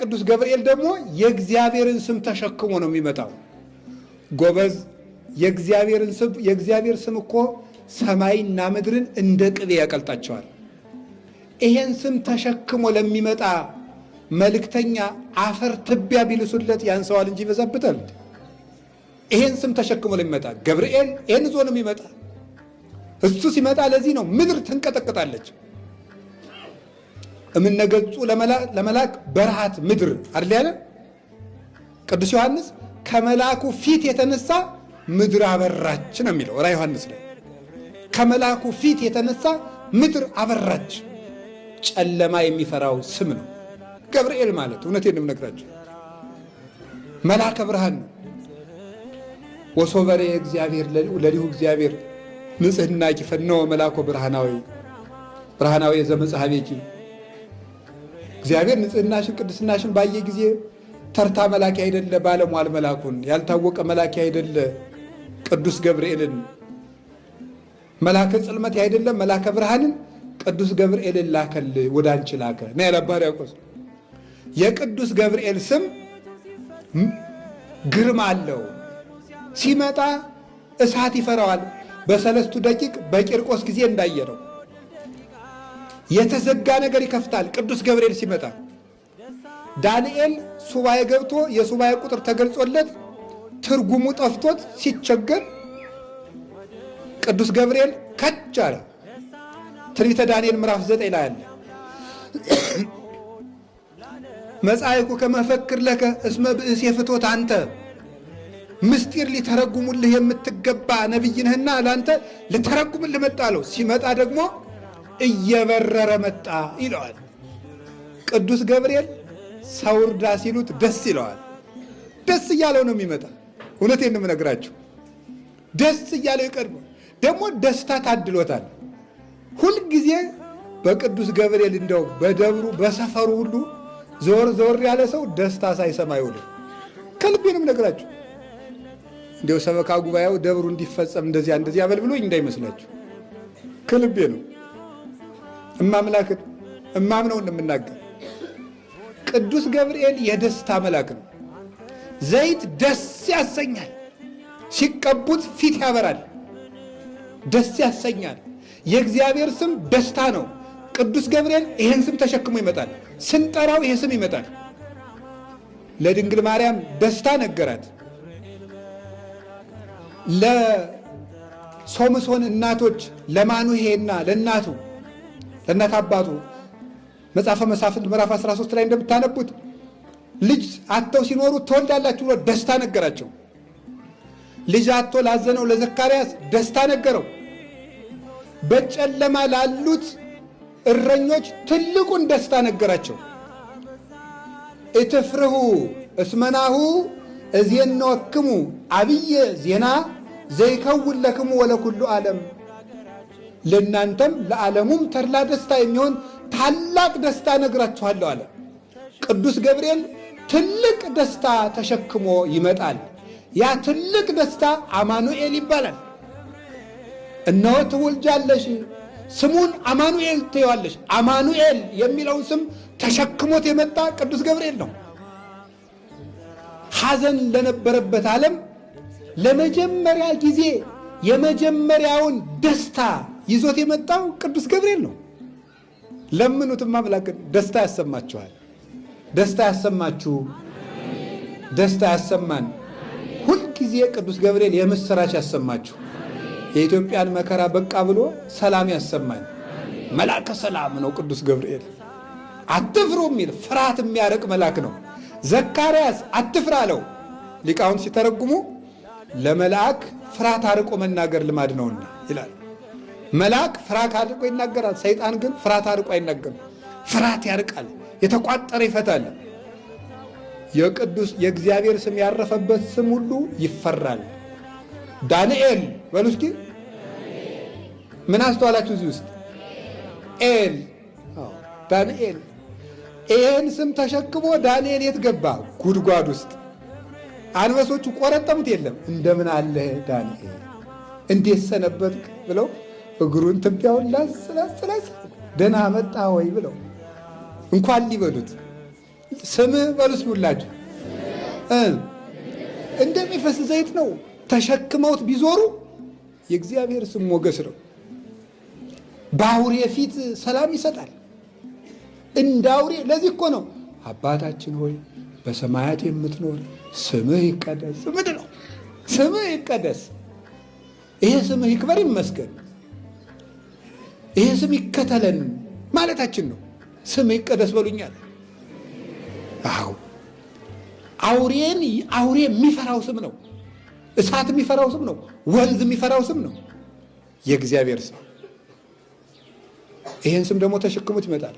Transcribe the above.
ቅዱስ ገብርኤል ደግሞ የእግዚአብሔርን ስም ተሸክሞ ነው የሚመጣው። ጎበዝ የእግዚአብሔር ስም እኮ ሰማይና ምድርን እንደ ቅቤ ያቀልጣቸዋል። ይሄን ስም ተሸክሞ ለሚመጣ መልእክተኛ አፈር ትቢያ ቢልሱለት ያንሰዋል እንጂ ይበዛበታል። ይሄን ስም ተሸክሞ ለሚመጣ ገብርኤል ይሄን ዞ ነው የሚመጣ። እሱ ሲመጣ ለዚህ ነው ምድር ትንቀጠቅጣለች። እምነገጹ ለመላክ በረሃት ምድር አይደል ያለ ቅዱስ ዮሐንስ ከመልአኩ ፊት የተነሳ ምድር አበራች ነው የሚለው ራ ዮሐንስ ላይ ከመልአኩ ፊት የተነሳ ምድር አበራች ጨለማ የሚፈራው ስም ነው ገብርኤል ማለት እውነቴን ነው የምነግራቸው መልአከ ብርሃን ነው ወሶበሬ እግዚአብሔር ለሊሁ እግዚአብሔር ንጽህና ኪፈነወ መልአኮ ብርሃናዊ ብርሃናዊ ዘመጽሐቤኪ እግዚአብሔር ንጽህናሽን ቅድስናሽን ባየ ጊዜ ተርታ መላኪ አይደለ ባለሟል መላኩን ያልታወቀ መላኪ አይደለ ቅዱስ ገብርኤልን መላከ ጽልመት አይደለ መላከ ብርሃንን ቅዱስ ገብርኤልን ላከል ወደ አንቺ ላከ ና ያለ አባ ሕርያቆስ የቅዱስ ገብርኤል ስም ግርማ አለው። ሲመጣ እሳት ይፈራዋል። በሰለስቱ ደቂቅ በቂርቆስ ጊዜ እንዳየ ነው። የተዘጋ ነገር ይከፍታል። ቅዱስ ገብርኤል ሲመጣ ዳንኤል ሱባኤ ገብቶ የሱባኤ ቁጥር ተገልጾለት ትርጉሙ ጠፍቶት ሲቸገር ቅዱስ ገብርኤል ከች አለ። ትንቢተ ዳንኤል ምዕራፍ ዘጠኝ ላይ አለ። መጻይኩ ከመፈክር ለከ እስመ ብእስ ፍቶት አንተ ምስጢር ሊተረጉሙልህ የምትገባ ነቢይ ነህና ለአንተ ልተረጉምልህ ሲመጣ ደግሞ እየበረረ መጣ ይለዋል። ቅዱስ ገብርኤል ሰው እርዳ ሲሉት ደስ ይለዋል። ደስ እያለው ነው የሚመጣ። እውነቴን ነው የምነግራችሁ። ደስ እያለው ይቀድሞ ደግሞ ደስታ ታድሎታል። ሁልጊዜ በቅዱስ ገብርኤል እንደው በደብሩ በሰፈሩ ሁሉ ዞር ዞር ያለ ሰው ደስታ ሳይሰማ ይውል። ከልቤንም ነግራችሁ እንዲው ሰበካ ጉባኤው ደብሩ እንዲፈጸም እንደዚያ እንደዚያ አበል ብሎኝ እንዳይመስላችሁ ከልቤ ነው። እማምላክን እማምነውን የምናገር ቅዱስ ገብርኤል የደስታ መልአክ ነው። ዘይት ደስ ያሰኛል፣ ሲቀቡት ፊት ያበራል፣ ደስ ያሰኛል። የእግዚአብሔር ስም ደስታ ነው። ቅዱስ ገብርኤል ይህን ስም ተሸክሞ ይመጣል። ስንጠራው ይህ ስም ይመጣል። ለድንግል ማርያም ደስታ ነገራት። ለሶምሶን እናቶች ለማኑሄና ለእናቱ ለእናት አባቱ መጽሐፈ መሳፍንት ምዕራፍ 13 ላይ እንደምታነቡት ልጅ አጥተው ሲኖሩ ትወልዳላችሁ ብሎ ደስታ ነገራቸው። ልጅ አጥቶ ላዘነው ለዘካርያስ ደስታ ነገረው። በጨለማ ላሉት እረኞች ትልቁን ደስታ ነገራቸው። እትፍርሁ እስመናሁ እዝየነወክሙ አብየ ዜና ዘይከውን ለክሙ ወለኩሉ ዓለም ለእናንተም ለዓለሙም ተድላ ደስታ የሚሆን ታላቅ ደስታ ነግራችኋለሁ አለ። ቅዱስ ገብርኤል ትልቅ ደስታ ተሸክሞ ይመጣል። ያ ትልቅ ደስታ አማኑኤል ይባላል። እነሆ ትውልጃለሽ፣ ስሙን አማኑኤል ትይዋለሽ። አማኑኤል የሚለውን ስም ተሸክሞት የመጣ ቅዱስ ገብርኤል ነው። ሐዘን ለነበረበት ዓለም ለመጀመሪያ ጊዜ የመጀመሪያውን ደስታ ይዞት የመጣው ቅዱስ ገብርኤል ነው። ለምኑትም አምላክ ደስታ ያሰማችኋል። ደስታ ያሰማችሁ፣ ደስታ ያሰማን። ሁልጊዜ ቅዱስ ገብርኤል የምስራች ያሰማችሁ። የኢትዮጵያን መከራ በቃ ብሎ ሰላም ያሰማን። መልአከ ሰላም ነው ቅዱስ ገብርኤል። አትፍሩ የሚል ፍርሃት የሚያርቅ መልአክ ነው። ዘካርያስ አትፍራ አለው። ሊቃውንት ሲተረጉሙ ለመልአክ ፍርሃት አርቆ መናገር ልማድ ነውና ይላል። መልአክ ፍርሃት አድርቆ ይናገራል። ሰይጣን ግን ፍርሃት አድርቆ አይናገርም። ፍርሃት ያርቃል፣ የተቋጠረ ይፈታል። የቅዱስ የእግዚአብሔር ስም ያረፈበት ስም ሁሉ ይፈራል። ዳንኤል በሉ እስኪ ምን አስተዋላችሁ እዚህ ውስጥ? ኤል ዳንኤል ይህን ስም ተሸክሞ ዳንኤል የት ገባ? ጉድጓድ ውስጥ አንበሶቹ ቆረጠሙት። የለም እንደምን አለህ ዳንኤል እንዴት ሰነበት ብለው እግሩን ትቢያውን ላስ ላስ ላስ ደህና መጣ ወይ ብለው እንኳን ሊበሉት ስምህ በሉስ ይውላችሁ እንደሚፈስ ዘይት ነው። ተሸክመውት ቢዞሩ የእግዚአብሔር ስም ሞገስ ነው። በአውሬ ፊት ሰላም ይሰጣል። እንደ አውሬ ለዚህ እኮ ነው አባታችን ሆይ በሰማያት የምትኖር ስምህ ይቀደስ። ምንድን ነው ስምህ ይቀደስ? ይሄ ስምህ ይክበር ይመስገን። ይህን ስም ይከተለን ማለታችን ነው። ስም ይቀደስ በሉኛል። አዎ አውሬን አውሬ የሚፈራው ስም ነው። እሳት የሚፈራው ስም ነው። ወንዝ የሚፈራው ስም ነው። የእግዚአብሔር ስም ይህን ስም ደግሞ ተሸክሙት ይመጣል።